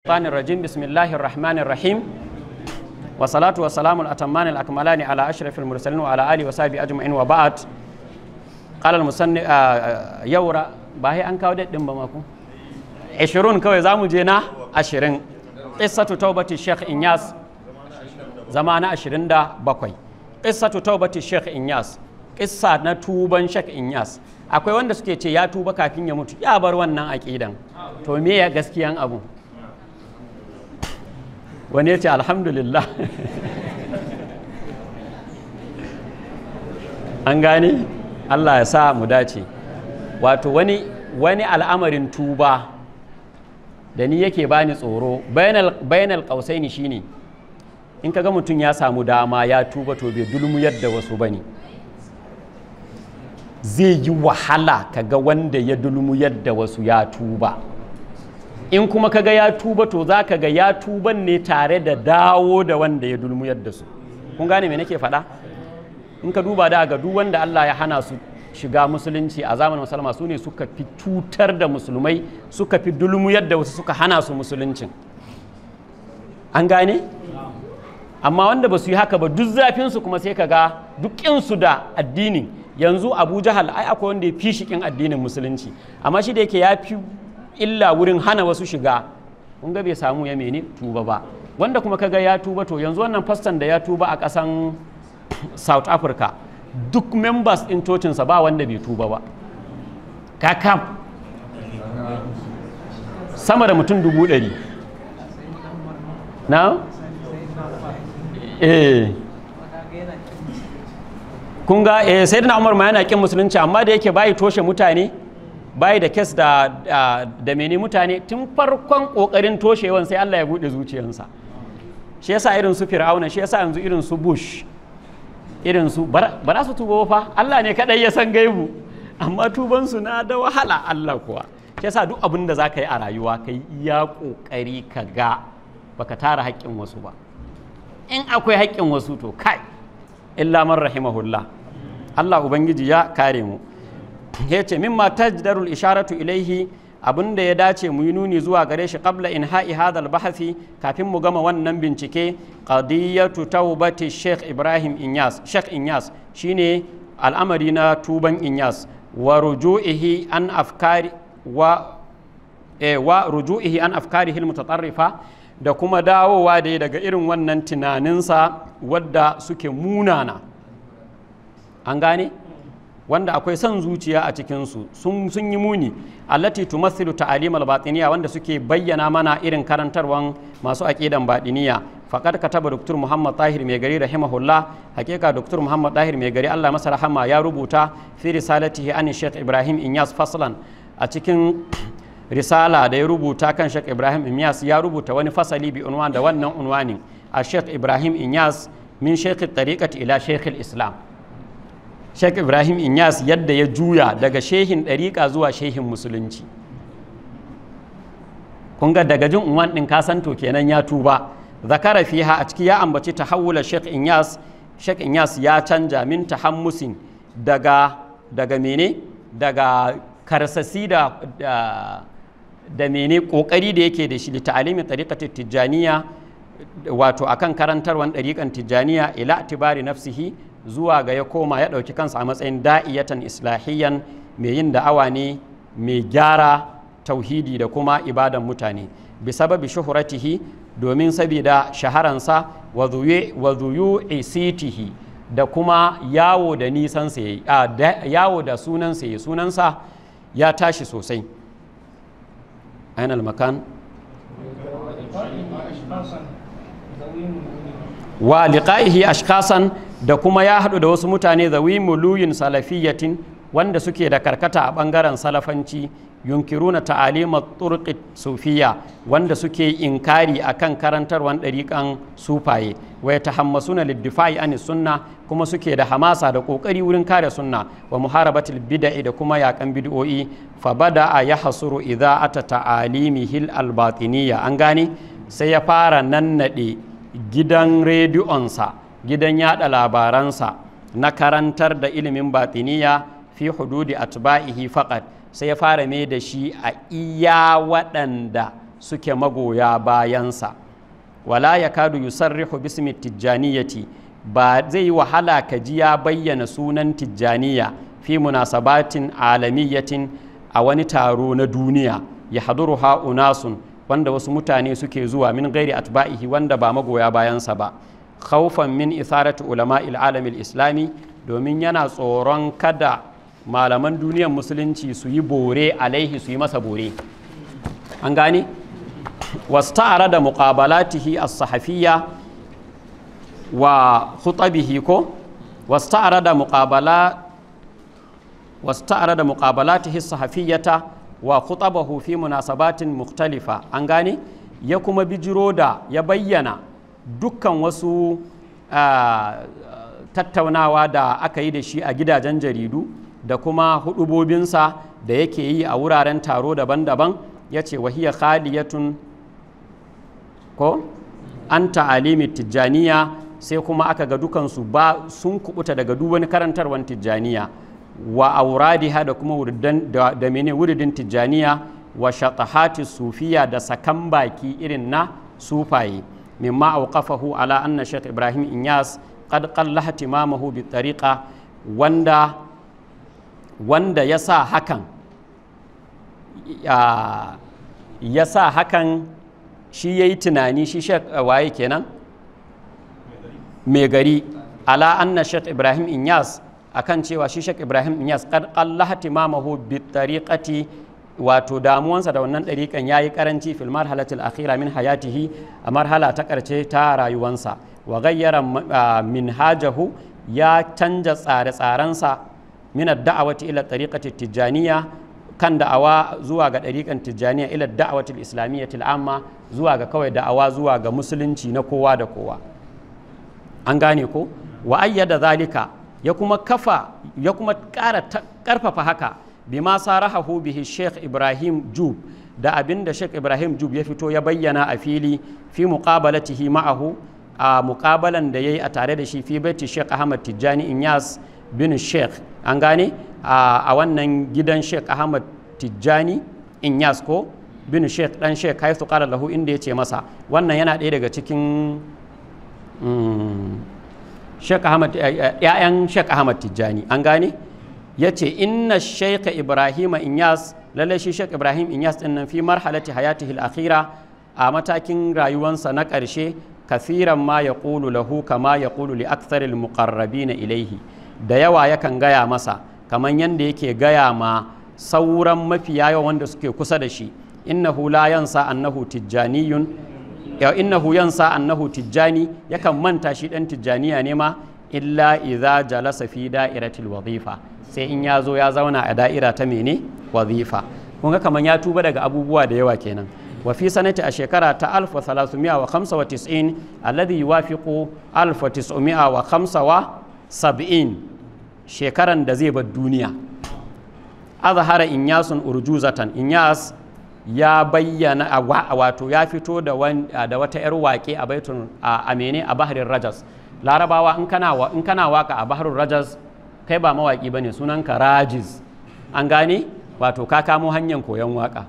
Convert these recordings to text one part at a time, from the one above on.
الشيطان الرجيم بسم الله الرحمن الرحيم والصلاة والسلام الأتمان الأكملان على أشرف المرسلين وعلى آله وصحبه أجمعين وبعد قال المصنف يورا باهي أن كاودت دم بماكو عشرون كوي زامو جينا عشرين قصة توبة الشيخ إنياس زمان عشرين دا بقوي قصة توبة الشيخ إنياس قصة نتوبة الشيخ إنياس akwai wanda suke ce ya tuba kafin ya mutu ya bar wannan aqidan to me ya gaskiyan abu wani ya ce alhamdulillah an gane allah ya sa mu dace wato wani wani al'amarin tuba da ni yake bani tsoro ƙausai ni shine in kaga mutum ya samu dama ya tuba to bai dulmu yadda wasu bane zai yi wahala kaga wanda ya dulmu yadda wasu ya tuba in kuma ka ga ya tuba to za ka ga ya tuban ne tare da dawo da wanda ya dulmuyar da su kun gane me nake faɗa in ka duba da ga duk wanda Allah ya hana su shiga musulunci a zamanin musulma su ne suka fi cutar da musulmai suka fi dulmuyar da wasu suka hana su musuluncin an gane amma wanda ba su yi haka ba duk zafinsu kuma sai ka ga dukinsu da addinin yanzu abu jahal ai akwai wanda ya fi shikin addinin musulunci amma shi da yake ya fi illa wurin hana wasu shiga kun ga bai samu ya mene tuba ba wanda kuma kaga ya tuba to yanzu wannan fastan da ya tuba a kasan south africa duk members in sa ba wanda bai tuba ba kakam sama da mutum dubu ɗari na? eh kun ga eh sai umar ma yana kin musulunci amma da yake bayi toshe mutane bai da kes da da mene mutane tun farkon kokarin toshewan sai Allah ya bude zuciyarsa shi yasa irin su fir'auna shi yasa yanzu irin su bush irin su ba za su tuba fa Allah ne kadai ya san gaibu amma tuban su na da wahala Allah kuwa shi yasa duk abin da zaka yi a rayuwa kai ya kokari ka ga baka tara haƙƙin wasu ba in akwai haƙƙin wasu to kai illa man rahimahullah Allah ubangiji ya kare mu ya ce mimma tajdarul isharatu ilaihi abin da ya dace mu yi nuni zuwa gare shi qabla in ha'i hadal bahasi kafin mu gama wannan bincike qadiyatu taubati sheikh ibrahim inyas sheikh inyas shine al'amari na tuban inyas wa ruju'ihi an afkari wa eh, wa ruju'ihi an afkarihi mutatarrifa da kuma dawowa dai daga irin wannan tunaninsa wadda suke munana an gane wanda akwai son zuciya a cikinsu sun yi muni allati tumathilu ta'alim al-batiniya wanda suke bayyana mana irin karantarwan masu aqidan batiniya faqad kataba dr muhammad tahir mai gari rahimahullah hakika dr muhammad tahir mai gari Allah masa rahama ya rubuta fi risalatihi an sheikh ibrahim inyas faslan a cikin risala da ya rubuta kan sheikh ibrahim inyas ya rubuta wani fasali bi unwan da wannan unwanin a sheikh ibrahim inyas min sheikh tariqati ila sheikh islam Sheikh Ibrahim Inyas yadda ya juya daga shehin ɗariƙa zuwa shehin musulunci kun ga daga jin unwan ɗin kasanto kenan ya tuba zakara fiha a ciki ya ambaci hawula Sheikh Inyas Sheikh Inyas ya canja min ta daga daga mene daga karsasi da da mene kokari da yake da shi li ta'alimi tariqati Tijjaniya wato akan karantarwan ɗariƙan tijjaniya ila tibari nafsihi zuwa ga ya koma ya ɗauki kansa a matsayin da'iyatan islahiyan mai yin da'awa ne mai gyara tauhidi da kuma ibadan mutane bi sababi shuhuratihi domin sabida shaharansa wa sitihi da kuma yawo da nisan yawo da sunan saye sunansa ya tashi sosai ainihin almakan wa liqa'ihi da kuma ya haɗu da wasu mutane zawi muluyin salafiyyatin wanda suke da karkata a ɓangaren salafanci yunkiruna ta'alima turki sufiya wanda suke inkari a kan karantarwan ɗariƙan sufaye wai ta wa na liddifa'i an sunna kuma suke da hamasa da ƙoƙari wurin kare sunna wa muharabatul bid'i da kuma yakan bid'o'i fa a bada'a a idza ata hil albatiniya an gane sai ya fara nannade gidan rediyonsa gidan yada labaransa na karantar da ilimin batiniya fi hududi atba'ihi faqat sai ya fara mai da shi a iya waɗanda suke magoya bayansa wala ya kadu yusarrihu bismi tijjaniyati ba zai wahala ka ji ya bayyana sunan tijjaniya fi munasabatin alamiyatin a wani taro na duniya ya haduru ha'unasun wanda wasu mutane suke zuwa min gairi atba'ihi wanda ba magoya bayansa ba khawfan min isarati ulama alamil islami domin yana tsoron kada malaman duniyar musulunci su yi bore alaihi su yi masa bore an gane wasta'ara da muqabalatihi as-sahafiyya wa khutabihi ko wasta'ara da muqabala wasta'ara da muqabalatihi as-sahafiyyata wa khutabahu fi munasabatin mukhtalifa an gane ya kuma bijiro da ya bayyana dukkan wasu tattaunawa da aka yi da shi a gidajen jaridu da kuma hudubobinsa da yake yi a wuraren taro daban-daban ya ce wahiyar khaliyatun ko an ta'alimi tijjaniya sai kuma aka ga dukansu ba sun kubuta daga duk wani karantarwar tijjaniya wa auradiha da kuma da mene wuridin tijjaniya wa shatahati sufiya da sakan baki irin na sufaye mimma awqafahu ala anna Sheikh Ibrahim Inyas qad qalla ihtimamahu bi tariqa wanda wanda ya sa hakan ya sa yayi tunani shi Sheikh waye kenan mai gari ala anna Sheikh Ibrahim Inyas akan cewa shi Sheikh Ibrahim wato damuwansa da wannan ɗarikan ya yi ƙaranci fil marhalatil akhira min hayatihi a marhala ta ƙarshe ta rayuwansa wa gayyara minhajahu ya canja tsare-tsarensa min da'awati ila tariqati Tijjaniya kan da'awa zuwa ga ɗariƙan Tijjaniya ila da'awati islamiyya amma zuwa ga kawai da'awa zuwa ga musulunci na kowa da kowa an gane ko wa ayyada zalika ya kuma kafa ya kuma ƙara ƙarfafa haka bima sarahahu bihi Sheikh Ibrahim Jub da abin da Sheikh Ibrahim Jub ya fito ya bayyana a fili fi muqabalatihi ma'ahu a muqabalan da yayi a tare da shi fi baiti Sheikh Ahmad Tijjani Inyas bin Sheikh an gane a wannan gidan Sheikh Ahmad Tijjani Inyas ko bin Sheikh dan Sheikh haisu qala lahu inda yace masa wannan yana ɗaya daga cikin mm, Sheikh Ahmad ƴaƴan eh, eh, Sheikh Ahmad Tijjani an gane ya ce inna shaika ibrahim inyas lallai shi shaik ibrahim inyas din nan fi marhalati hayatihi al-akhira a matakin rayuwansa na karshe kafiran ma ya ƙulu lahu kama ya ƙulu li aktsaril muqarrabina ilaihi da yawa yakan gaya masa kamar yadda yake gaya ma sauran mafiya yawa wanda suke kusa da shi innahu la yansa annahu tijjaniyun ya eh, innahu yansa annahu tijjani yakan manta shi dan tijjaniya ne ma illa idza jalasa fi da'iratil wazifa sai in ya zo ya zauna a da'ira ta mene wazifa kun ga kaman ya tuba daga abubuwa da yawa kenan wa fi sanati a shekara ta 1395 alladhi yuwafiqu 1975 shekaran da zai bar duniya azhara inyasun urjuzatan yas ya bayyana wato ya fito da wata 'yar waƙe a baitun a amene a baharin rajas larabawa in kana waka a baharun rajas kai ba mawaki bane sunanka rajis an gane wato ka kamo hanyar koyon waka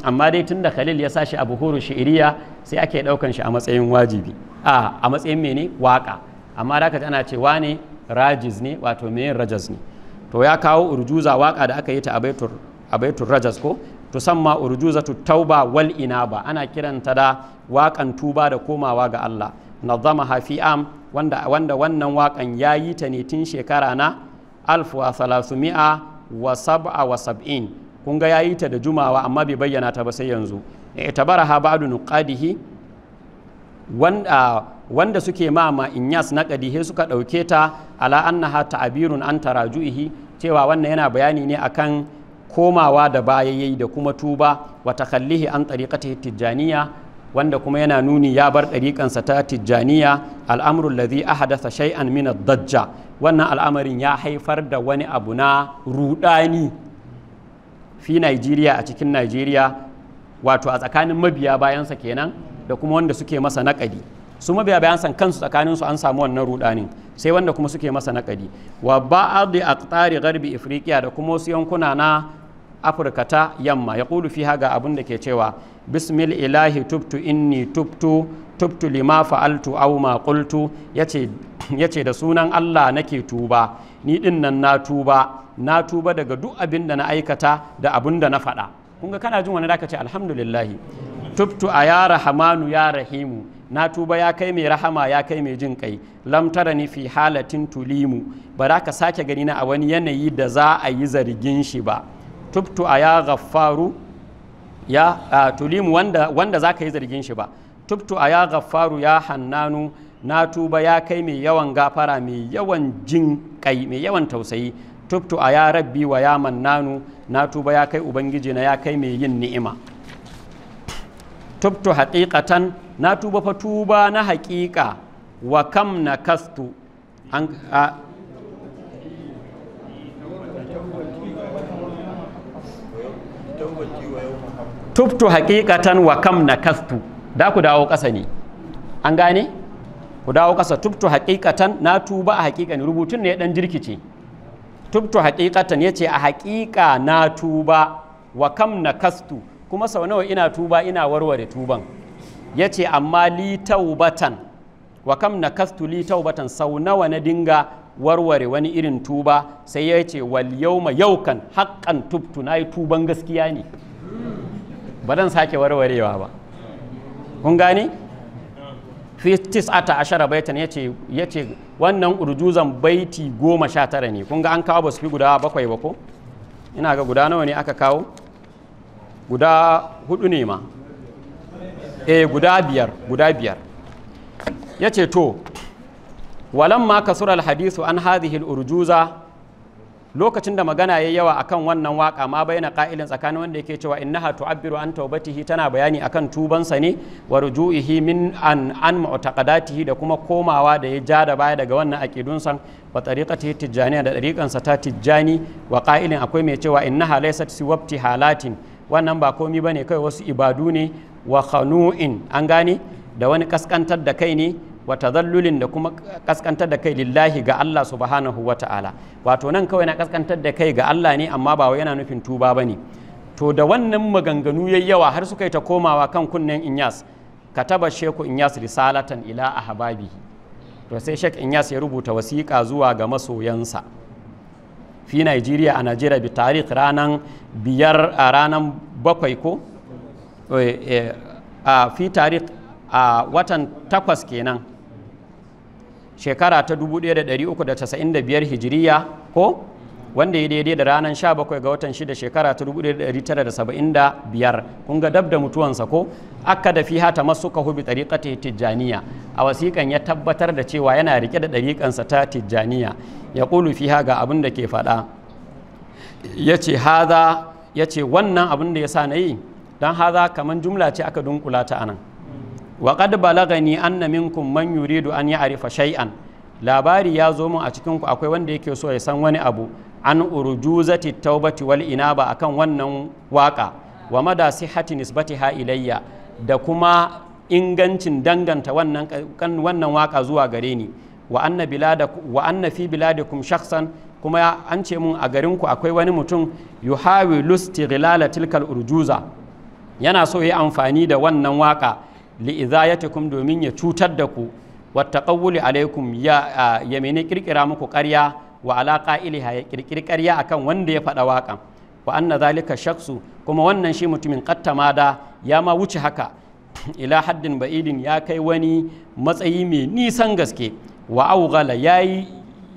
amma dai tun da khalil ya sashi a buhuru shi'iriya sai ake daukan shi a matsayin wajibi a a matsayin mene waka amma da ka tana cewa ne rajis ne wato meyin rajas ne to ya kawo urjuza waka da aka yi ta a baitul rajas ko to tusamma urjuzatu tauba wal inaba ana kiranta da waƙan tuba da komawa ga Allah nazama hafi am wanda wanda wannan wakan ya yi ta ne tun shekara na alfu wa salasumi'a wa sab'a wa sab'in kun ga ya yi ta da jumawa amma bai bayyana ta ba sai yanzu ha ba'du nuqadihi wanda wanda suke ma inyas na kadihe suka ɗauke ta ala annaha ta'abirun an taraju'ihi cewa wannan yana bayani ne akan komawa da bayayyai da kuma tuba wa takallihi an tariqati tijjaniya wanda kuma yana nuni ya bar ɗariƙansa ta tijjaniya al'amurul ladhi ahadasa shay'an mina dajja wannan al'amarin ya haifar da wani abu na rudani fi Najeriya a cikin Najeriya wato a tsakanin mabiya bayansa kenan da kuma wanda suke masa naƙadi su mabiya bayansa kansu tsakanin su an samu wannan rudanin sai wanda kuma suke masa naƙadi wa ba'ad aqtari gharbi Ifirikiya da kuma wasu yankuna na Afirka ta yamma ya ƙulu fiha ga abin da ke cewa bismil ilahi tubtu inni tubtu tubtu lima fa'altu aw ma qultu yace yace da sunan Allah nake tuba ni din nan na tuba na tuba daga duk abin da na aikata da abin da na faɗa kun ga kana jin wani zaka ce alhamdulillah tubtu a ya rahmanu ya rahimu na tuba ya kai mai rahama ya kai mai jin kai lamtara ni fi halatin tulimu ba za ka sake gani na a wani yanayi da za a yi zargin shi ba tubtu a ya ghaffaru ya tulimu wanda wanda ka yi zargin shi ba tubtu a ya gaffaru ya hannanu na tuba ya kai mai yawan gafara mai yawan jin kai mai yawan tausayi tubtu a ya rabbi wa ya mannanu na tuba ya kai ubangiji na ya kai mai yin ni'ima tubtu haƙiƙatan na tuba fa tuba na haƙiƙa wa kam na kastu tubtu haqiqatan wa kam nakastu da ku dawo ƙasa ne an gane ku dawo ƙasa tubtu haqiqatan na tuba a ne rubutun ne dan jirkice tubtu haqiqatan yace a haqiqa na tuba wa kam nakastu kuma sau nawa ina tuba ina warware tuban yace amma li taubatan wa kam nakastu li taubatan sau nawa na dinga warware wani irin tuba sai ya ce wal yau yaukan haƙƙan tubtu na yi tuban gaskiya ne ba zan sake warwarewa ba kun gani fi tis'ata ashara baitan yace yace wannan urjuzan baiti goma sha tara ne kun ga an kawo ba su fi guda bakwai ba ko ina ga guda nawa ne aka kawo guda hudu ne ma eh guda biyar guda biyar yace to walamma kasura alhadisu an hadhihi alurjuza lokacin da magana ya yawa akan wannan waka ma bayyana kailin tsakanin wanda yake cewa innaha tu'abbiru an taubatihi tana bayani akan tubansa ne wa ruju'ihi min an an mu'taqadatihi da kuma komawa da ya ja baya daga wannan aqidun san wa tariqatihi tijjaniya da sa ta tijjani wa qa'ilin akwai mai cewa innaha laysat siwabti halatin wannan ba komi bane kai wasu ibadu ne wa khanu'in an gane da wani kaskantar da kai ne Wata zallulin da kuma kaskantar da kai lillahi ga Allah subhanahu wa ta'ala wato nan kawai na kaskantar da kai ga Allah ne amma ba wai yana nufin tuba ba ne. to da wannan maganganu yayi yawa har suka yi ta komawa kan kunnen Inyas kataba Sheku Inyas risalatan ila ahbabihi to sai Sheikh Inyas ya rubuta wasiƙa zuwa ga masoyansa fi Nigeria a Najeriya bi tarikh ranan biyar a ranan bakwai ko eh, eh, a fi tarikh a watan takwas kenan shekara ta 1395 hijiriya ko wanda ya daidai da ranar 17 ga watan 6 shekara ta 1975 kun ga dab da mutuwansa ko aka da fiha ta bi hubi tariqati tijjaniya a wasiƙan ya tabbatar da cewa yana rike da ɗariƙansa ta tijjaniya ya ƙulu fiha ga abin da ke faɗa ya ce haza ya ce wannan abin da ya sa na yi don haza kamar jumla ce aka dunkula ta anan wa balaga balagani anna minkum man yuridu an arifa shay'an labari ya zo mun a cikinku akwai wanda yake so ya san wani abu an urjuzati taubati wal a kan wannan waka wa mada nisbati ha ilayya da kuma ingancin danganta wannan wannan waka zuwa gare ni wa anna bilada wa anna fi biladikum kuma an ce mun a garinku akwai wani mutum yuhawilu istighlala tilkal urjuza yana so ya amfani da wannan waka li'izayatikum domin ya cutar da ku wattaqawuli alaikum ya ya mene kirkira muku ƙarya wa alaƙa iliha ya kirkiri ƙarya akan wanda ya faɗa waƙan wa anna zalika shaksu kuma wannan shi mutumin qattama da ya ma wuce haka ila haddin ba'idin ya kai wani matsayi mai nisan gaske wa augala yayi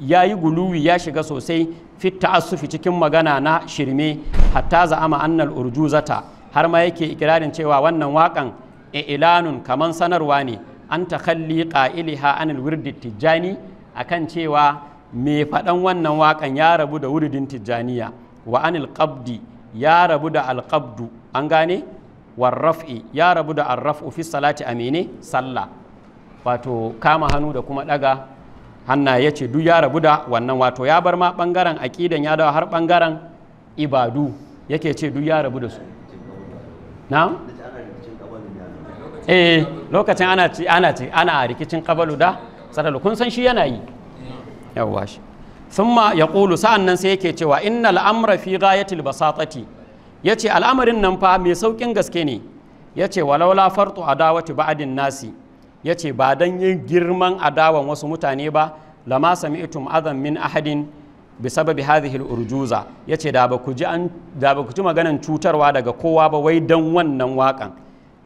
yayi guluwi ya shiga sosai fit ta'assufi cikin magana na shirme hatta za'ama annal urjuzata har ma yake ikirarin cewa wannan waƙan i'lanun kaman sanarwa ne an takalli qa'iliha anil wirdi tijjani a kan cewa me faɗan wannan waƙan ya rabu da wuridin tijjaniya wa anil qabdi ya rabu da alqabdu an gane warraf'i ya rabu da arraf'u fi salati amine sallah wato kama hannu da kuma ɗaga hannaye ce duk ya rabu da wannan wato ya bar ma ɓangaren aƙidan ya dawo har ɓangaren ibadu yake ce duk ya rabu da su na'am eh lokacin ana ci ana ci ana rikicin kabalu da sadalu kun san shi yana yi yawa shi thumma yaqulu sa'an nan sai yake cewa innal amra fi ghayatil basatati yace al'amarin nan fa mai saukin gaske ne yace walaula fartu adawati ba'din nasi yace ba dan yin girman adawan wasu mutane ba lama sami'tum adam min ahadin bisababi hadhihi al-urjuza yace da ba ku ji da ba ku ji maganan cutarwa daga kowa ba wai dan wannan waƙan?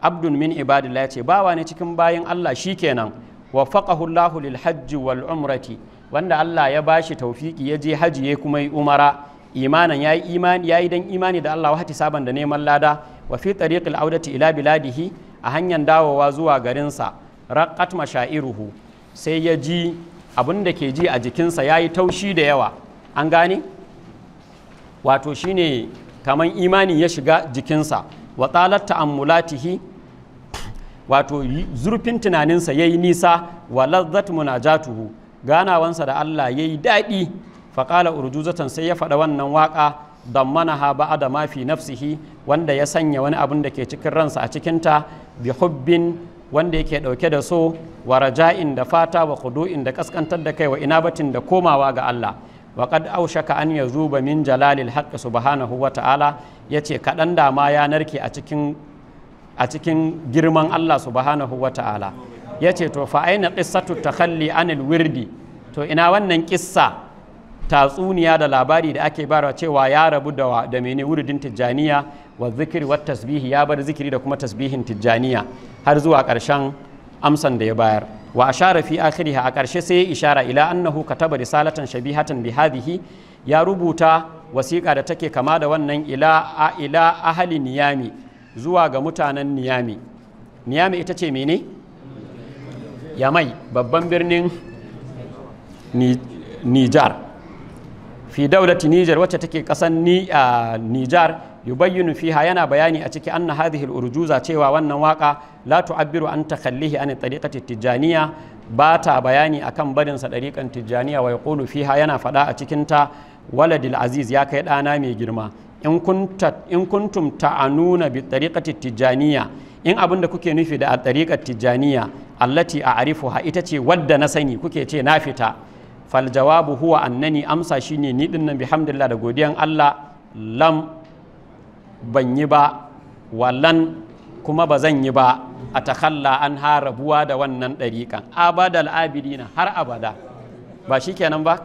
abdun min ibadillah ce bawa ne cikin bayan Allah kenan wa faqahu Allahu lil hajji wal umrati wanda Allah ya bashi taufiki ya je haji ya kuma yi umara imanan yayi imani dan imani da Allah wahati saban da neman lada wa fi tariqil audati ila biladihi a hanyar dawowa zuwa garinsa raqat mashairuhu sai ya ji abin da ke ji a jikinsa yi taushi da yawa an gane wato shine kaman imani ya shiga jikinsa wa talat ta'ammulatihi wato zurfin tunaninsa ya yi nisa wa lazzat munajatuhu ganawansa da Allah ya yi daɗi faƙala urjuzatan sai ya faɗa wannan waƙa dammanaha a da mafi nafsihi wanda ya sanya wani abin da ke cikin ransa a cikinta bi hubbin wanda yake ɗauke da so wa raja'in da fata wa kudu'in da kaskantar da kai wa ina inabatin da komawa ga Allah wa qad aushaka an zuba min jalalil haqq subhanahu wa ta'ala yace kaɗan da ma ya narke a cikin a cikin girman Allah subhanahu wa ta'ala ya ce to fa aina qissatu takhalli anil wirdi to ina wannan kissa tatsuniya da labari da ake bara cewa ya rabu da da mene tijjaniya wa zikiri wa tasbihi ya bar zikiri da kuma tasbihin tijjaniya har zuwa ƙarshen amsan da ya bayar wa ashara fi akhiriha a ƙarshe sai ya ishara ila annahu kataba risalatan shabihatan bi hadhihi ya rubuta wasiƙa da take kama da wannan ila a ila ahli niyami zuwa ga mutanen niyami niyami ita ce mene yamai babban birnin nijar fi daulati nijar wacce take kasan nijar yubayyinu fiha yana bayani a ciki anna hadhihi urjuza cewa wannan waka la tu'abbiru an takhallihi an tariqati tijaniya ba ta bayani akan barin sa dariqan tijaniya wa yaqulu fiha yana fada a cikin ta waladil aziz ya kai dana mai girma in kuntum ta'anuna bi tariqati tijaniya in abin da kuke nufi da a tariqat tijaniya allati ha ita ce wadda na sani kuke ce na fita fal jawabu huwa annani amsa shine ni din nan bihamdillah da godiyan Allah lam ban yi ba wallan kuma ba zan yi ba a takalla an hara buwa da wannan ɗariƙan abadal abidina har abada ba shi kenan ba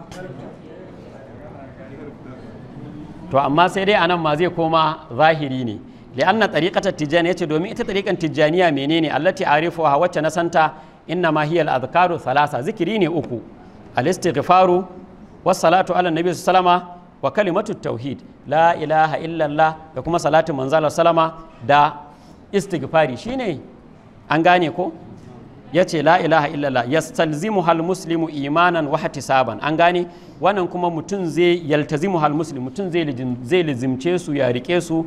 to amma sai dai anan ma zai koma zahiri ne li'anna tariqatat tijjaniya ce domin ita tariqan tijaniya menene allati arifuha wacce na santa inna ma hiya al-azkaru thalasa zikiri ne uku al-istighfaru was salatu ala nabi sallama wa kalimatu tauhid la ilaha illallah da kuma salatu manzala sallama da istighfari shine an gane ko ya ce la ilaha illallah yastalzimu hal muslimu imanan wa saban. an gane wannan kuma mutum zai yaltazimu hal muslim mutum zai lizimce su ya rike su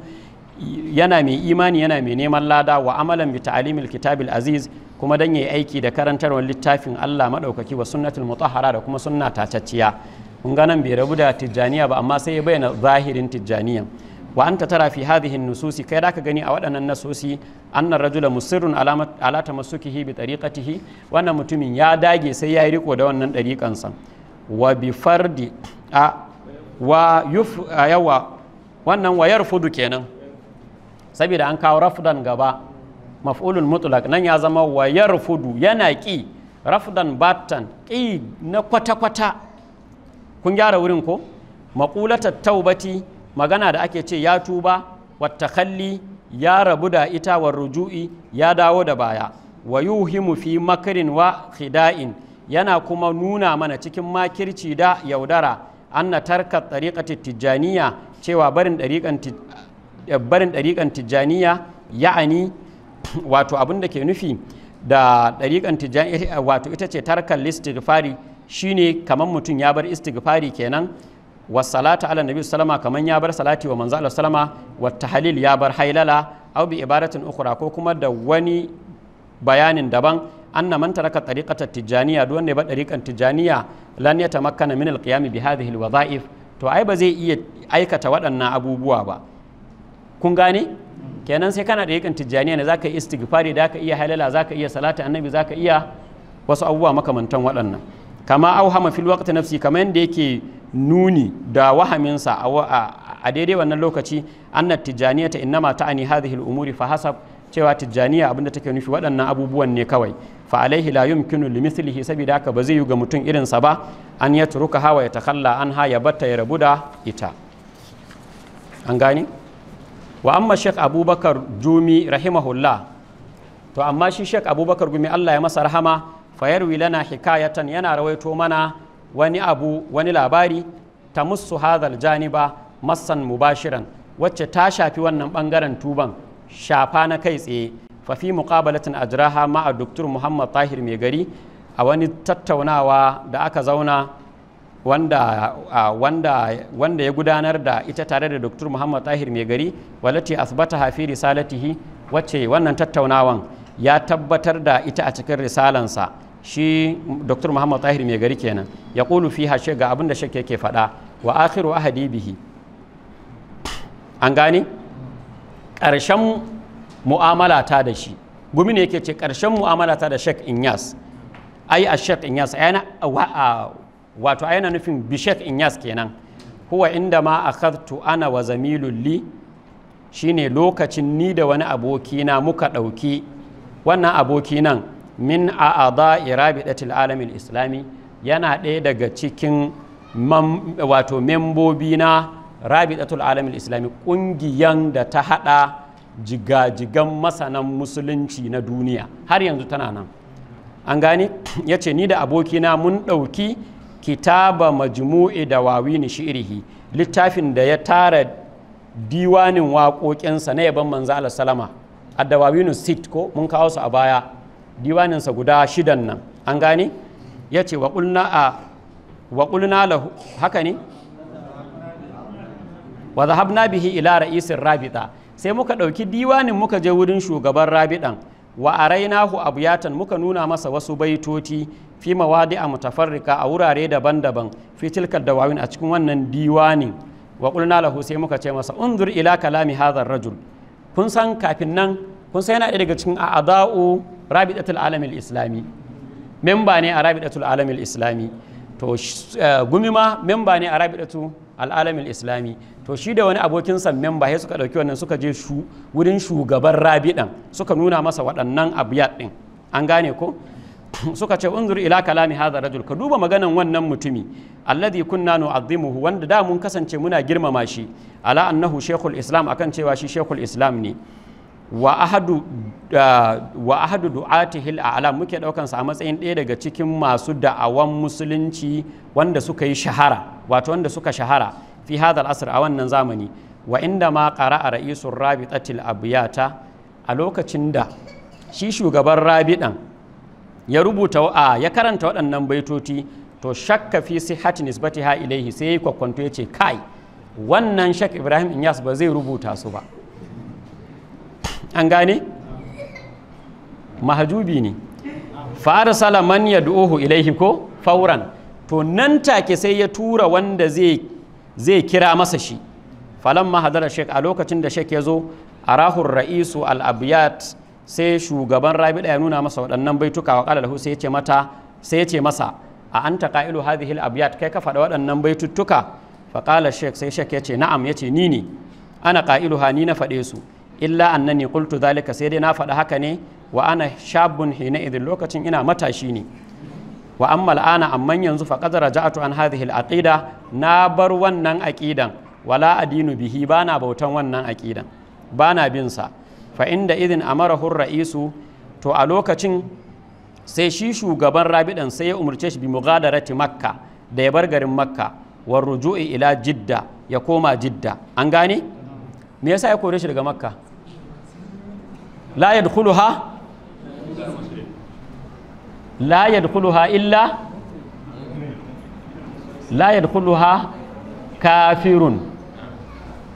yana mai imani yana mai neman lada wa amalan bi ta'limil kitabil aziz kuma dan yayi aiki da karantarwar littafin Allah madaukaki wa sunnatul mutahhara da kuma sunna tacciya kun ganan bai rabu da tijjaniya ba amma sai ya bayyana zahirin tijjaniyan wa anta tara fi hadhihi nususi kai da ka gani a waɗannan nasosi annar rajula musirrun ala tamassukihi bi tariqatihi wannan mutumin ya dage sai ya yi riko da wannan ɗariƙan sa wa bi fardi yawa wannan wayar fudu kenan saboda an kawo rafdan gaba maf'ulul mutlaq nan ya zama wayar fudu yana ƙi rafdan battan ƙi na kwata-kwata kun gyara wurin ko maƙulata taubati magana da ake ce ya tuba kalli ya rabu da ita wa ruju'i ya dawo da baya wa yuhimu fi makirin wa khida'in yana kuma nuna mana cikin makirci da yaudara an na tarka tariqati tijaniya cewa barin ɗariƙan tijjaniya eh, ya'ani wato abin da ke nufi da ɗariƙan tijaniya eh, wato ita ce tarkan fari shine kamar mutum ya bar istighfari kenan wasalatu ala nabi sallama kaman ya bar salati wa manzo sallama wa tahlil ya bar hailala aw bi ibaratin ukhra ko kuma da wani bayanin daban anna man taraka tariqata tijaniya duk wanda ba tariqan tijaniya lan yatamakkana min alqiyam bi hadhihi alwadha'if to ai ba zai iya aikata waɗannan abubuwa ba kun gane kenan sai kana tariqan tijaniya ne zaka yi istighfari ka iya halala zaka iya salati annabi zaka iya wasu abubuwa makamantan waɗannan kama auhama fil waqti nafsi kamar yadda yake nuni da wahaminsa a daidai wannan lokaci na tijaniya ta innama ta'ani hadhihi al-umuri fa hasab cewa tijaniya abinda take nufi waɗannan abubuwan ne kawai fa alaihi la yumkinu li mithlihi saboda haka ba zai yi ga mutum irin sa ba an ya turuka hawa ya takalla an ha ya batta ya rabu da ita an gane wa amma shek abubakar jumi rahimahullah to amma shi shek abubakar gumi allah ya masa rahama fayarwi lana hikayatan yana rawaito mana wani abu wani labari ta musu hadal janiba massan mubashiran wacce ta shafi wannan bangaren tuban shafa na kai tsaye fafi muqabalatin ajraha ma a doktor muhammad tahir mai gari a wani tattaunawa da aka zauna wanda, uh, wanda, wanda ya gudanar da ita tare da doktor muhammad tahir mai gari walati asbata hafi risalatihi wacce wannan tattaunawan ya tabbatar da ita a cikin risalansa shi dr muhammad tahir mai gari kenan ya kulu fi hashe ga abin da shakke ke faɗa wa akhiru ahadi bihi an gane ƙarshen mu'amala ta da shi gumi ne yake ce ƙarshen mu'amala ta da shak inyas ai a shak inyas ayana wato ayana nufin bi shak inyas kenan huwa inda ma akhadtu ana wa zamilul li shine lokacin ni da wani aboki na muka ɗauki wannan aboki nan min a a'adha irabidatil alamil islami yana ɗaya daga cikin wato membobi na rabidatul alamil islami ƙungiyan da ta haɗa jigajigan masanan musulunci na duniya har yanzu tana nan an gani ya ce ni da abokina mun ɗauki kitaba majmu'i da wawini shi'irihi littafin da ya tara diwanin waƙoƙinsa na yaban manzo al’asalama addawawinu sit ko mun kawo su a baya diwaninsa guda shidan nan an gane ya ce wa ƙulna a haka ne wa zahabna bihi ila ra'isin rabita sai muka ɗauki diwanin muka je wurin shugaban rabidan wa a abuyatan muka nuna masa wasu baitoti fi mawadi a mutafarrika a wurare daban-daban fi tilkar dawawin a cikin wannan diwanin wa ƙulna lahu sai muka ce masa unzur ila kalami hadhar rajul kun san kafin nan kun san yana daga cikin a'adau rabidatul alamil islami memba ne a rabidatul alamil islami to eh, gumima memba ne a rabidatu al'alamin islami to shi da wani abokinsa memba ya suka ɗauki wannan suka je shu wurin shugaban rabidan suka nuna masa waɗannan abiyat ɗin an gane ko suka ce unzur ila kalami hadha rajul ka duba maganan wannan mutumi alladhi kunna nu'azzimuhu wanda da mun kasance muna girmama shi ala annahu shaykhul islam akan cewa shi shaykhul islam ne wa ahadu ta ahadu muke daukan sa a matsayin ɗaya daga cikin masu da'awan musulunci wanda suka yi shahara wato wanda suka shahara fi hadal asr a wannan zamani wa inda ma qara'a ra'isur rabitatil abiyata a lokacin da shi shugaban rabidan ya rubuta a ya karanta waɗannan baitoti to shakka fi sihhati nisbatiha ilaihi sai ya kwakwanto ya ce kai wannan shak ibrahim inyas ba zai rubuta su ba an gane mahajubi ne salaman ya duohu ilaihi ko fauran to nan take sai ya tura wanda zai zai kira masa shi falamma hadara shek a lokacin da shek ya zo a rahun ra'isu al-abyat sai shugaban rabi'a ya nuna masa waɗannan baituka wa qala sai ce mata sai ce masa a anta qailu hadhihi al-abyat kai ka faɗa waɗannan baituttuka fa qala shek sai shek ya ce na'am ya ce ni ne ana qailuha ni na faɗe su illa annani qultu zalika sai dai na faɗa haka ne wa ana shabun hina idin lokacin ina matashi ne wa amma al'ana amman yanzu fa qadara ja'atu an hadhihi al'aqida na bar wannan aqidan wala adinu bihi bana bautan wannan aqidan bana bin sa fa inda idin amarahu ra'isu to a lokacin sai shi shugaban rabidan sai ya umurce shi bi mughadarati makka da ya bar garin makka war ruju'i ila jidda ya koma jidda an gane me yasa ya kore shi daga makka la yadkhuluha la illa la yadkhuluha kafirun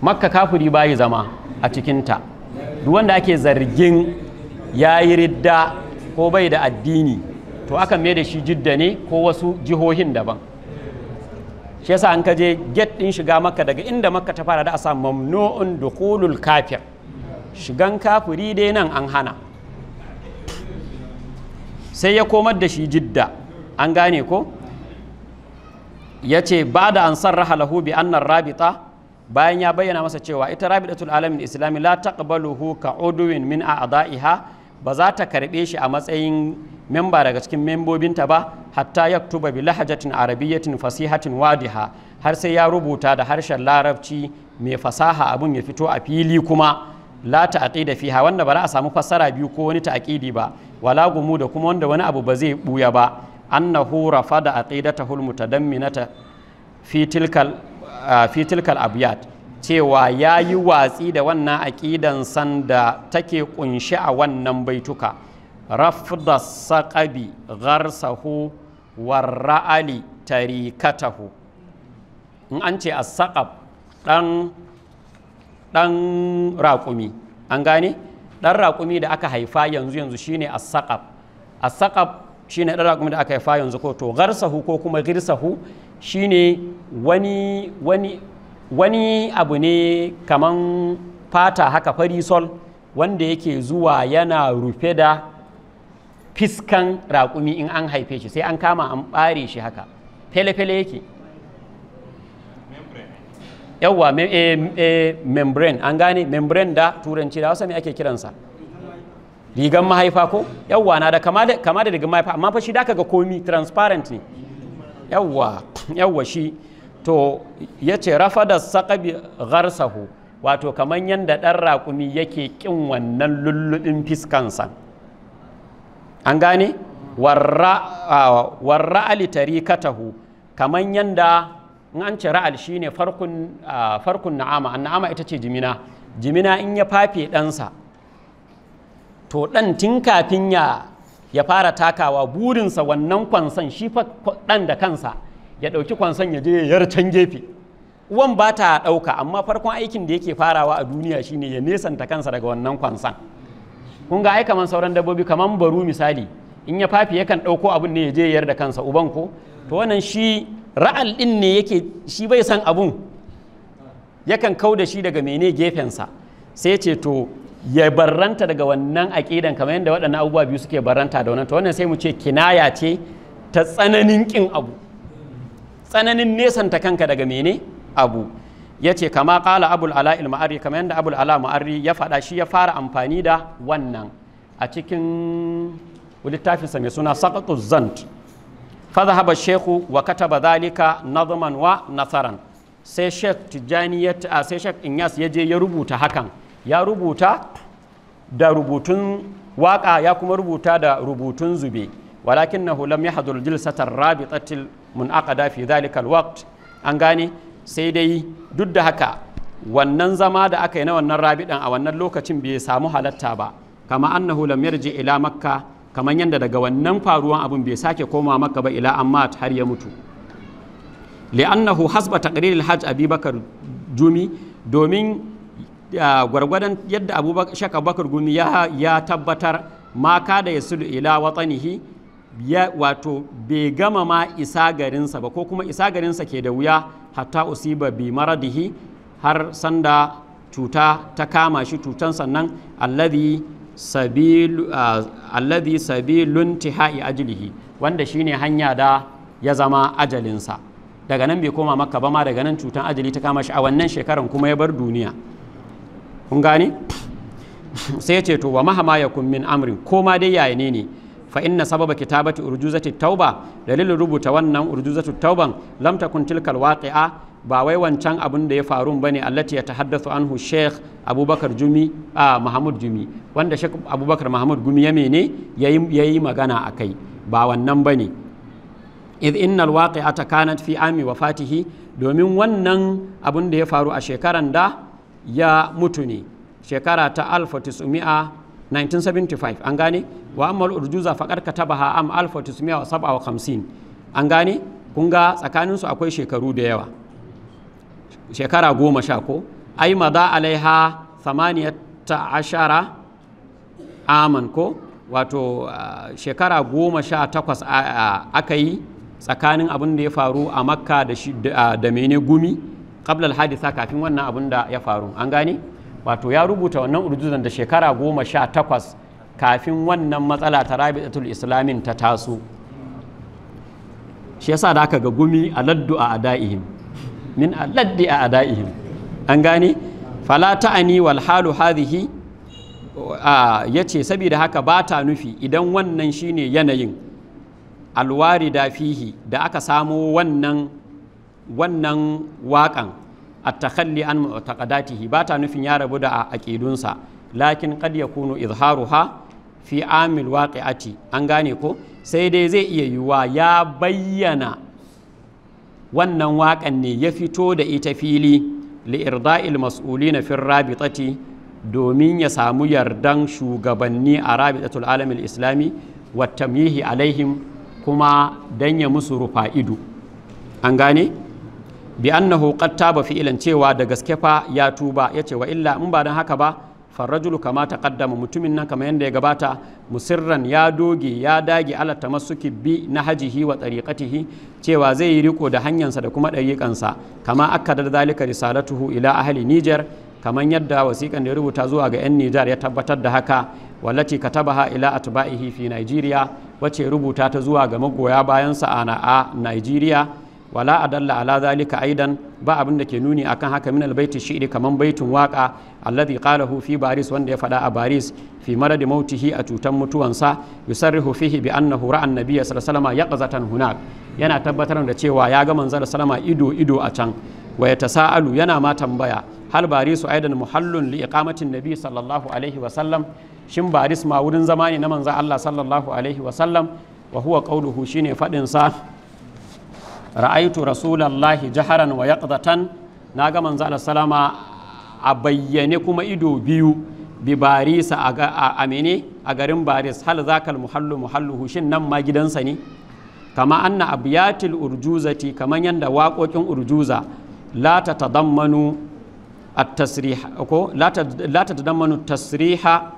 makka kafiri bayi zama a cikinta duwanda ake zargin yi ridda ko bai da addini to akan mai da shi jidda ne ko wasu jihohin daban shi yasa an kaje get din shiga makka daga inda makka ta fara da a samu mamnu'un dukhulul kafir shigan kafiri dai nan an hana sai ya komar da shi jidda an gane ko ya ce ba da an sarraha lahu bi annar rabita bayan ya bayyana masa cewa ita rabidatul alamin islami la taqbaluhu ka uduwin min a'da'iha ba za ta karɓe shi a matsayin memba daga cikin membobinta ba hatta yaktuba bi lahajatin arabiyyatin fasihatin wadiha har sai ya rubuta da harshen larabci mai fasaha abun ya fito a fili kuma la ta'aqida fiha wanda ba za a samu fassara biyu ko wani ta'qidi ba wala gumu da kuma wanda wani abu ba zai buya ba annahu rafada aqidatahu almutadamminata fi tilkal fi tilkal abyat cewa yayi watsi da wannan aqidan sanda take kunshi a wannan baituka rafda saqabi gharsahu warra'ali tarikatahu in an ce as-saqab dan ɗan raƙumi an gane ɗan raƙumi da aka haifa yanzu yanzu shine as-saqab as-saqab shine ɗan raƙumi da aka haifa yanzu ko to garsahu ko kuma girsahu shine wani wani wani abu ne kaman fata haka fari sol. wanda yake zuwa yana rufe da fiskan raƙumi in an haife shi sai an kama an ɓare shi haka fele-fele yake yawwa me, e, membrane an gane membrane da turanci da hausa me ake kiransa rigan mahaifa ko yawwa na da kama da kama da rigan mahaifa amma fa shi da kaga komi transparent ne yawwa yawwa shi to yace rafada saqabi gharsahu wato kaman yanda dan raƙumi yake kin wannan lullubin fiskansa an gane warra uh, warra ali tarikatahu kaman yanda in an ce ra'al shine farkun farkun na'ama na'ama ita ce jimina jimina in ya fafe ɗansa to ɗan tun kafin ya fara takawa burinsa wannan kwansan shi fa ɗan da kansa ya ɗauki kwansan ya je ya can gefe uwan ba ta ɗauka amma farkon aikin da yake farawa a duniya shine ya nesanta kansa daga wannan kwansan. kun ga ai kamar sauran dabbobi kaman baru misali in ya fafi yakan ɗauko abin ne ya je yar da kansa uban ko to wannan shi ra'al ɗin ne yake shi bai san abun yakan kau da shi daga mene gefensa sai ce to ya barranta daga wannan aƙidan kamar yadda waɗannan abubuwa biyu suke barranta da wannan to wannan sai mu ce kinaya ce ta tsananin ƙin abu tsananin nesanta kanka daga mene abu ya ce kama ƙala abul ala ilma'ari kamar yadda abul ala ma'ari ya faɗa shi ya fara amfani da wannan a cikin littafinsa mai suna saƙaƙu zant فذهب الشيخ وكتب ذلك نظما ونثرا sai sheikh tijjani ya ta sai sheikh inyas ya je ya rubuta hakan ya rubuta da rubutun waka ya kuma rubuta da rubutun zube walakinahu lam yahdhur jilsatar mun munaqada fi dhalika alwaqt an gane sai dai duk da haka wannan zama da aka yi na wannan rabidan a wannan lokacin bai samu halatta ba kama annahu lam yarji ila makka kamar yadda daga wannan faruwan abin bai sake koma maka ba ila amma har ya mutu li'annahu hasba taqriril hajj abubakar jumi domin gwargwadon yadda shak Bakar gumi ya tabbatar ma da ya sulu ila watsanihi wato bai gama ma isa garinsa ba ko kuma isa garinsa ke da wuya hatta usiba bi maradihi har sanda cuta ta kama shi cutan sannan alladhi sabilu alladhi sabilun tihai ajlihi wanda shine hanya da ya zama ajalinsa daga nan bai koma makka ba ma daga nan cutan ajali ta kama shi a wannan shekaran kuma ya bar duniya kun gane sai ce to wa mahama yakun min amrin koma dai yaya ne ne fa inna sababa kitabati urjuzati tauba dalilin rubuta wannan urjuzatu tauban lam takun tilkal waqi'a ba wai wancan abin da ya faru ba ne allati ya tahaddathu anhu Sheikh Abubakar Jumi a mahamud Jumi wanda Sheikh Abubakar mahamud Gumi ya mene yi magana a kai ba wannan ne id innal waqi'ata kanat fi ami wafatihi domin wannan abin da ya faru a shekaran da ya mutu ne shekara ta 1975 an gane wa ammal urjuza faqad katabaha am 1957 an gane kun ga tsakaninsu akwai shekaru da yawa shekara goma sha ko ai maza alaiha samaniyata ashara aman ko wato ah, shekara goma sha takwas ah, ah, aka yi tsakanin abin da ya faru a makka da mene gumi kablal hadisa kafin wannan abin da ya faru an gane wato ya rubuta wannan urduzan da shekara goma sha takwas kafin wannan matsala ta rabi'atul islamin ta taso shi yasa da aka ga gumi a laddu a ada'ihim min aladdi a ada'ihim an gane fala ta'ani wal halu yace saboda haka ba ta nufi idan wannan shine yanayin alwarida fihi da aka samo wannan wannan waƙan at-takhalli an mu'taqadatihi ba ta nufin ya rabu da aƙidunsa lakin qad yakunu izharuha fi amil waqi'ati an gane ko sai dai zai iya yiwuwa ya bayyana wannan waƙan ne ya fito da ita fili li'irda'il na fin rabitati domin ya samu yardan shugabanni a rabitatul alamil islami wa tamyihi alaihim kuma dan ya musu rufa ido an gane bi annahu qad taba fi'lan cewa da gaske fa ya tuba yace wa illa in ba dan haka ba farrajulu kama kaddama mutumin nan kamar yadda ya gabata musirran ya doge ya dage ala masu kibbi na hajihi wa tsarikatihi cewa zai yi riko da hanyarsa da kuma ɗariƙansa kama da dalika risalatuhu ila ahli Niger kamar yadda wasiƙan da ya rubuta zuwa ga 'yan Nijar ya tabbatar da haka wallaci ha ila atba'ihi fi Nigeria wacce rubuta ta zuwa ga magoya bayansa a Nigeria wala adalla ala zalika aidan ba abin da ke nuni akan haka min albaiti shi'ri kaman baitin waka alladhi qalahu fi baris wanda ya fada a baris fi maradi mautihi a cutan mutuwansa yusarrihu fihi bi annahu ra'a annabiyya sallallahu alaihi wasallam hunak yana tabbatar da cewa ya ga manzon sallama ido ido a can wa yatasaalu yana ma tambaya hal barisu aidan muhallun li iqamatin nabi sallallahu alaihi wasallam shin baris ma wurin zama ne na manzon Allah sallallahu alaihi wasallam wa huwa qawluhu shine fadin sa ra'aitu rasulallahi jaharan wa na ga manzo Allah salama a bayyane kuma ido biyu bi barisa a amene a garin baris hal zakal muhallu muhalluhu shin nan ma gidansa ne kama anna abyatil urjuzati kaman yanda waƙoƙin urjuza la tatadammanu at-tasriha ko la tasriha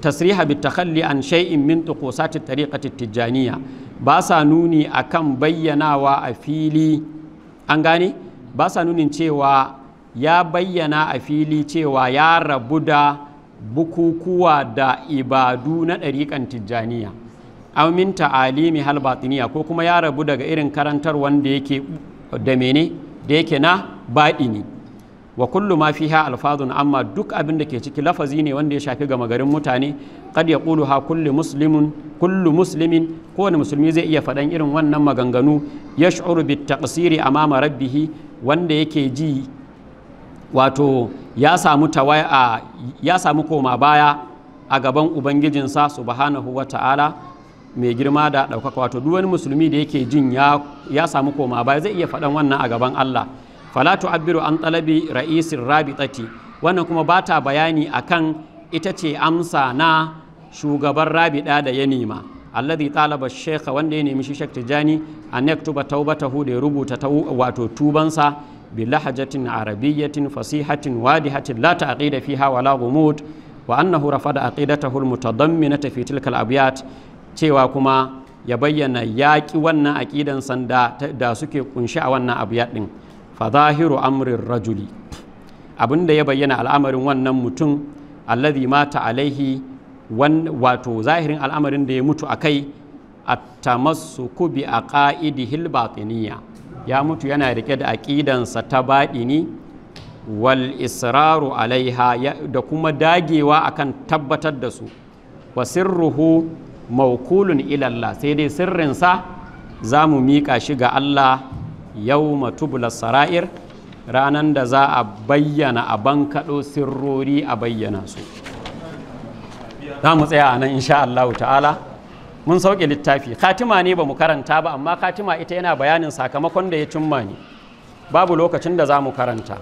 tasriha bi takhalli an shay'in min tuqusati tariqati tijaniya ba sa nuni akan bayyanawa a fili an gane ba sa nunin cewa ya bayyana a fili cewa ya rabu da bukukuwa da ibadu na ɗariƙan tijjaniya aumin ta'alimi hal batiniya ko kuma ya rabu daga irin karantar wanda yake da mene da yake na badini. wa kullu ma fiha alfazun amma duk abin da ke ciki lafazi ne wanda ya shafi gama garin mutane kad ya qulu ha kullu muslimun kullu muslimin kowane musulmi zai iya faɗan irin wannan maganganu yash'uru bit taqsiri amama rabbih wanda yake ji wato ya samu a ya samu koma baya a gaban ubangijinsa subhanahu ta'ala mai girma da ɗaukaka wato duk wani musulmi da yake jin ya samu koma baya zai iya faɗan wannan a gaban Allah fala tu'abbiru an talabi ra'isir rabitati wannan kuma ba ta bayani akan ita ce amsa na shugaban rabida da ya nema alladhi talaba shekha wanda ya nemi shi shek tijani an yaktuba taubatahu da ya rubuta wato tubansa bi lahajatin arabiyyatin fasihatin wadihatin la ta'qida fiha wala gumut wa annahu rafada aqidatahu almutadamminata fi tilka alabyat cewa kuma ya bayyana yaƙi wannan aƙidan sanda da suke kunshi a wannan abu din. fa zahiru amrin rajuli abin da ya bayyana al'amarin wannan mutum alladhi mata alaihi wato zahirin al'amarin da ya mutu a kai a tamassuku bi aqaidihil ya mutu yana rike da aƙidansa ta baɗini wal israru alaiha da kuma dagewa akan tabbatar da su wa sirruhu maukulun ilallah sai dai sirrinsa za mu miƙa shi ga Allah yawma tubula sara'ir ranan da za a bayyana a bankaɗo sirrori a bayyana su za mu tsaya a nan insha Allah ta'ala mun sauke littafi khatima ne ba mu karanta ba amma khatima ita yana bayanin sakamakon da ya cimma ne babu lokacin da za mu karanta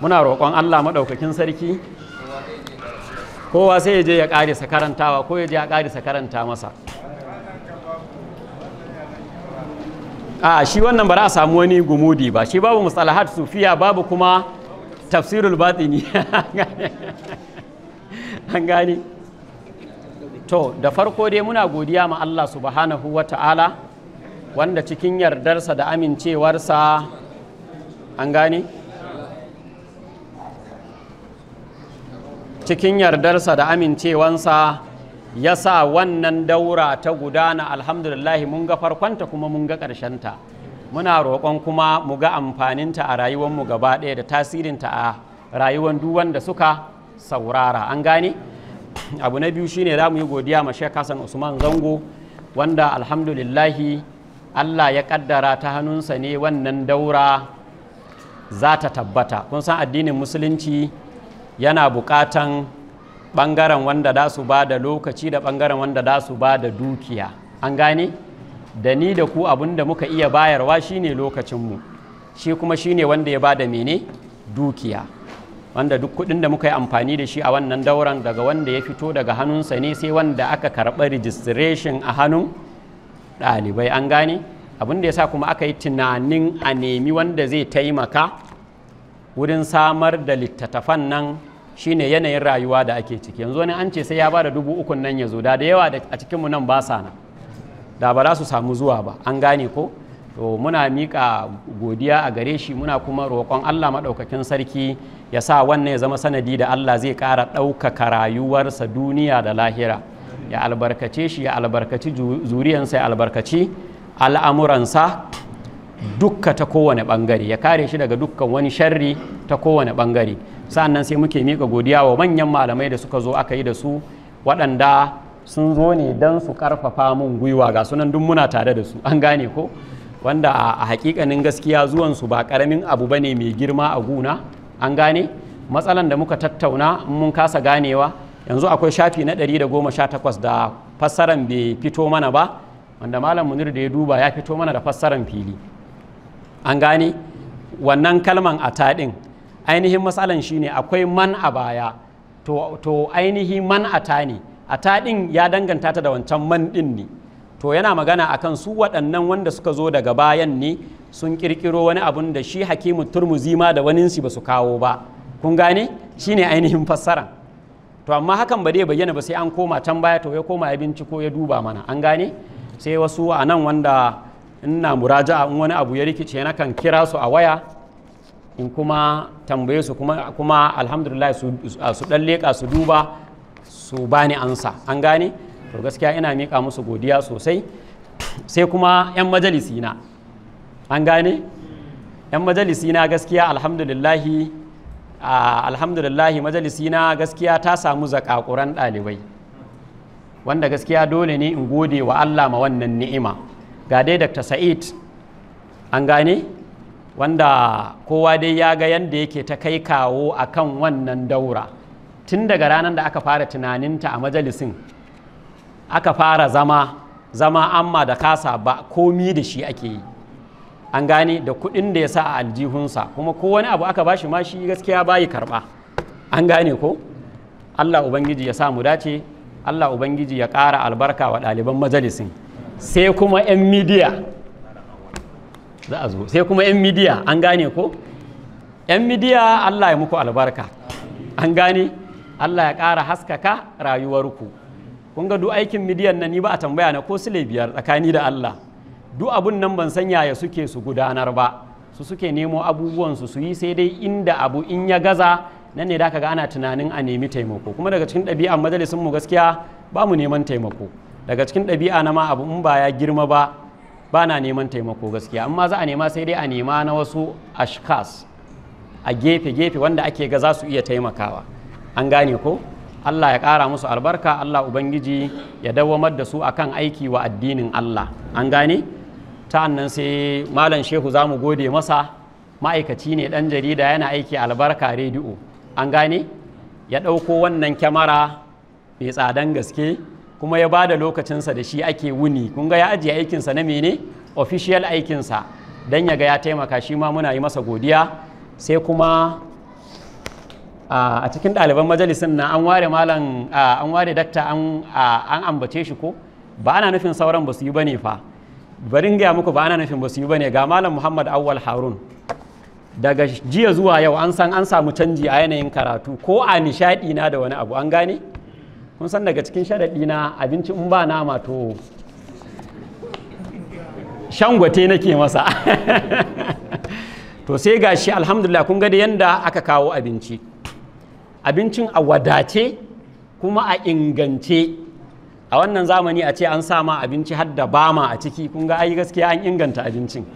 muna roƙon Allah maɗaukakin sarki kowa sai ya je ya ƙarisa karantawa ko ya je ya ƙarisa karanta masa a ah, shi wannan ba za a samu wani gumudi ba shi babu matsalahat sufiya babu kuma tafsirul batini an gani to da farko dai muna godiya ma Allah subhanahu wa ta'ala wanda cikin yardarsa da amincewarsa an gani cikin yardarsa da amincewansa ya sa wannan daura ta gudana alhamdulillahi mun ga farkonta kuma mun ga ta muna roƙon kuma mu ga amfaninta a rayuwarmu gaba ɗaya da tasirin ta a rayuwar duk wanda suka saurara an gane abu na biyu shine za mu yi godiya ma Sheikh Hassan Usman Zango wanda alhamdulillahi Allah ya kaddara ta hannunsa ne wannan daura za ta tabbata kun san addinin musulunci yana buƙatan ɓangaren wanda da su ba da lokaci da ɓangaren wanda da su ba da dukiya an gane da ni da ku abin da muka iya bayarwa shine lokacinmu shi kuma shine wanda ya ba da mene dukiya wanda duk kudin da muka yi amfani da shi a wannan dauran daga wanda ya fito daga hannunsa ne sai wanda aka karɓi registration a hannun ɗalibai an gane abin da ya sa kuma aka yi tunanin a nemi wanda zai taimaka wurin samar da littattafan nan shine yanayin rayuwa da ake ciki yanzu wani an ce sai ya ba da dubu ukun nan ya zo da da yawa a cikinmu nan ba sa na da ba za su samu zuwa ba an gane ko to muna miƙa godiya a gare shi muna kuma roƙon allah maɗaukakin sarki ya sa wannan ya zama sanadi da allah zai ƙara ɗaukaka rayuwarsa duniya da lahira ya albarkace shi ya albarkaci zuriyansa ya albarkaci al'amuransa dukka ta kowane ɓangare ya kare shi daga dukkan wani sharri ta kowane ɓangare sa'annan sai muke mika godiya wa manyan malamai da suka zo aka yi da su waɗanda sun zo ne don su ƙarfafa mun gwiwa ga sunan duk muna tare da su an gane ko wanda a hakikanin gaskiya zuwansu ba ƙaramin abu ba ne mai girma a guna an gane matsalan da muka tattauna mun kasa ganewa yanzu akwai shafi na 118 da fassaran bai fito mana ba wanda malam munir da ya duba ya fito mana da fassaran fili an gane wannan kalman a taɗin ainihin matsalan shine akwai man a baya to, ainihi man a ta ne a ta ɗin ya danganta ta da wancan man ɗin ne to yana magana akan su waɗannan wanda suka zo daga bayan ne sun ƙirƙiro wani abun da shi hakimu turmuzi zima da waninsu ba su kawo ba kun gane shine ainihin fassara to amma hakan ba zai bayyana ba sai an koma can baya to ya koma ya binciko ya duba mana an gane sai wasu a nan wanda ina muraja'a in wani abu ya rikice na kan kira su a waya in kuma tambaye su kuma alhamdulillah su dan leka su duba su bani ansa an gane to gaskiya ina miƙa musu godiya sosai sai kuma 'yan majalisi na an gane 'yan majalisi na gaskiya alhamdulillahi alhamdulillahi majalisi na gaskiya ta samu zakakuran ɗalibai wanda gaskiya dole ne in gode wa Allah ma wannan ni'ima ga dai Dr. Sa'id an gane wanda kowa dai ya ga yadda yake ta kai kawo a kan wannan daura tun daga ranar da aka fara tunaninta a majalisin aka fara zama zama amma da kasa ba komi da shi ake yi an gane da kuɗin da ya sa a aljihunsa kuma ko wani abu aka bashi ma shi gaskiya bayi karɓa an gane ko allah ubangiji ya sa mu dace allah ubangiji ya ƙara albarka wa ɗaliban majalisin sai kuma 'yan midiya za a zo sai kuma 'yan midiya an gane ko 'yan midiya allah ya muku albarka an gane allah ya ƙara haskaka rayuwarku kun ga duk aikin midiyan nan ni ba a tambaya na ko sile biyar tsakani da allah duk abun nan ban san yaya suke su gudanar ba su suke nemo abubuwansu su yi sai dai inda abu in ya gaza nan ne da ga ana tunanin a nemi taimako kuma daga cikin ɗabi'a majalisin mu gaskiya ba mu neman taimako daga cikin ɗabi'a na ma abu in ba ya girma ba ba na neman taimako gaskiya amma za a nema sai dai a nema na wasu ashkas a gefe-gefe wanda ake ga za su iya taimakawa an gane ko Allah ya ƙara musu albarka Allah Ubangiji ya dawamar da su akan aiki wa addinin Allah an gane ta annan sai malam shehu za mu gode masa ma'aikaci ne ɗan jarida yana aiki albarka rediyo an gane ya ɗauko wannan kyamara mai tsadan gaske kuma ya ba da lokacinsa da shi ake wuni kun ga ya ajiye aikinsa na mene official aikinsa don ya ga ya taimaka shi ma muna yi masa godiya sai kuma a cikin ɗaliban majalisin na an ware malam an ware dakta an ambace shi ko ba ana nufin sauran ba su yi bane fa barin gaya muku ba ana nufin ba su yi bane ga malam muhammad awwal harun daga jiya zuwa yau an san an samu canji a yanayin karatu ko a nishaɗi na da wani abu an gane kun san daga cikin sharaɗi na abinci in ba nama to shangwate nake masa to sai ga shi alhamdulillah kun gada yadda aka kawo abinci abincin a wadace kuma a ingance a wannan zamani a ce an sama abinci har da bama a ciki kun ga ai gaskiya an inganta abincin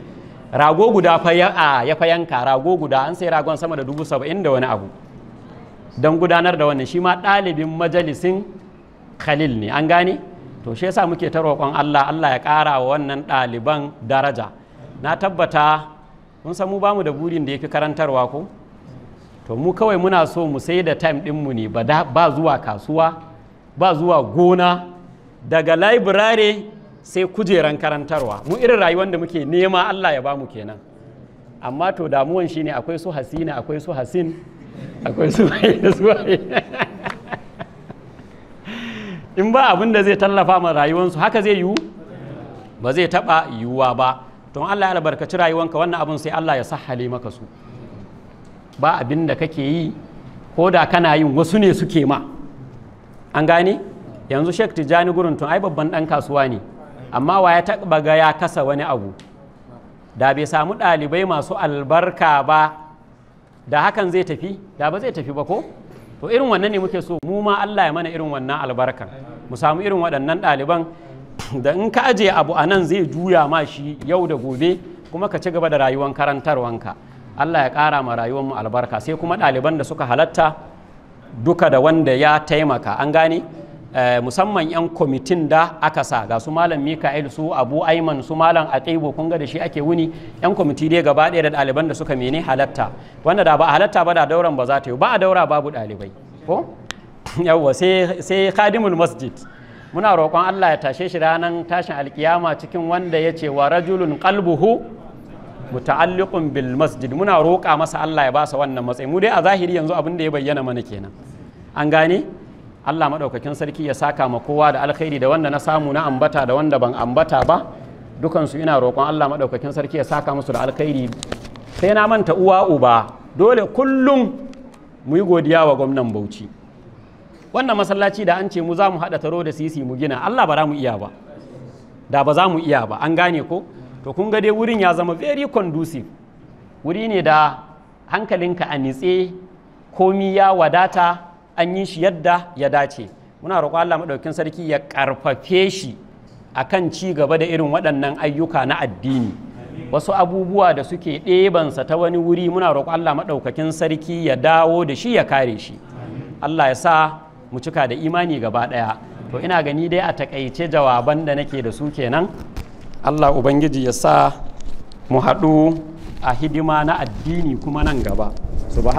rago guda ya fa yanka rago guda an sai ragon sama da dubu saba'in da wani abu don gudanar da wannan shi ma ɗalibin majalisin khalil ne an gane to shi yasa muke ta roƙon Allah Allah ya ƙara wa wannan ɗaliban daraja na tabbata mun san mu bamu da burin da yafi karantarwa ko to mu kawai muna so mu sai da time mu ne ba zuwa kasuwa ba zuwa gona daga library sai kujeran karantarwa mu irin rayuwar da muke nema Allah ya bamu kenan amma to damuwan shine akwai su hasina akwai su hasin akwai su da su in ba abin da zai tallafa ma rayuwarsu haka zai yiwu ba zai taɓa yiwuwa ba don Allah ya albarkaci rayuwanka wannan abin sai Allah ya sahale maka su ba abin da kake yi ko da kana yin wasu ne suke ma an gane yanzu shek Tijjani gurin tun ai babban dan kasuwa ne amma wa ya taba ga ya kasa wani abu da bai samu ɗalibai masu albarka ba da hakan zai tafi da ba zai tafi ba ko to irin wannan ne muke so mu ma Allah ya mana irin wannan albarkar mu samu irin waɗannan ɗaliban da in ka ajiye abu a nan zai juya ma shi yau da gobe kuma ka ci gaba da rayuwar karantarwanka Allah ya ƙara ma rayuwar mu albarka sai kuma ɗaliban da suka halatta duka da wanda ya taimaka an gane Eh, musamman 'yan kwamitin da aka sa ga su malam mika'il su abu aiman su malam atibu kun ga da shi ake wuni 'yan kwamiti dai gaba ɗaya da ɗaliban da suka mene halatta wanda da ba halatta ba da dauran ba za ta yi ba a daura babu ɗalibai ko yawwa sai khadimul masjid muna roƙon Allah ya tashe shi ranar tashin alkiyama cikin wanda ya ce wa rajulun qalbuhu muta'alliqun bil masjid muna roƙa masa Allah ya ba sa wannan matsayi mu dai a zahiri yanzu abin da ya bayyana mana kenan an gane Allah maɗaukakin sarki ya saka ma kowa da alkhairi da wanda na samu na ambata da wanda ban ambata ba dukansu ina roƙon Allah maɗaukakin sarki ya saka musu da alkhairi sai na manta uwa uba dole kullum mu yi godiya wa gwamnan Bauchi wannan masallaci da an ce mu za mu haɗa taro da sisi mu gina Allah ba za mu iya ba da ba za mu iya ba an gane ko to kun ga dai wurin ya zama very conducive wuri ne da hankalinka a nitse komi ya wadata an yi shi yadda ya dace muna roƙo Allah maɗaukin sarki ya ƙarfafe shi akan ci gaba da irin waɗannan ayyuka na addini wasu abubuwa da suke ɗebansa ta wani wuri muna roƙo Allah maɗaukakin sarki ya dawo da shi ya kare shi Allah ya sa mu cika da imani gaba ɗaya to ina gani dai a takaice jawaban da nake da su kenan Allah ubangiji ya sa mu haɗu a hidima na addini kuma nan gaba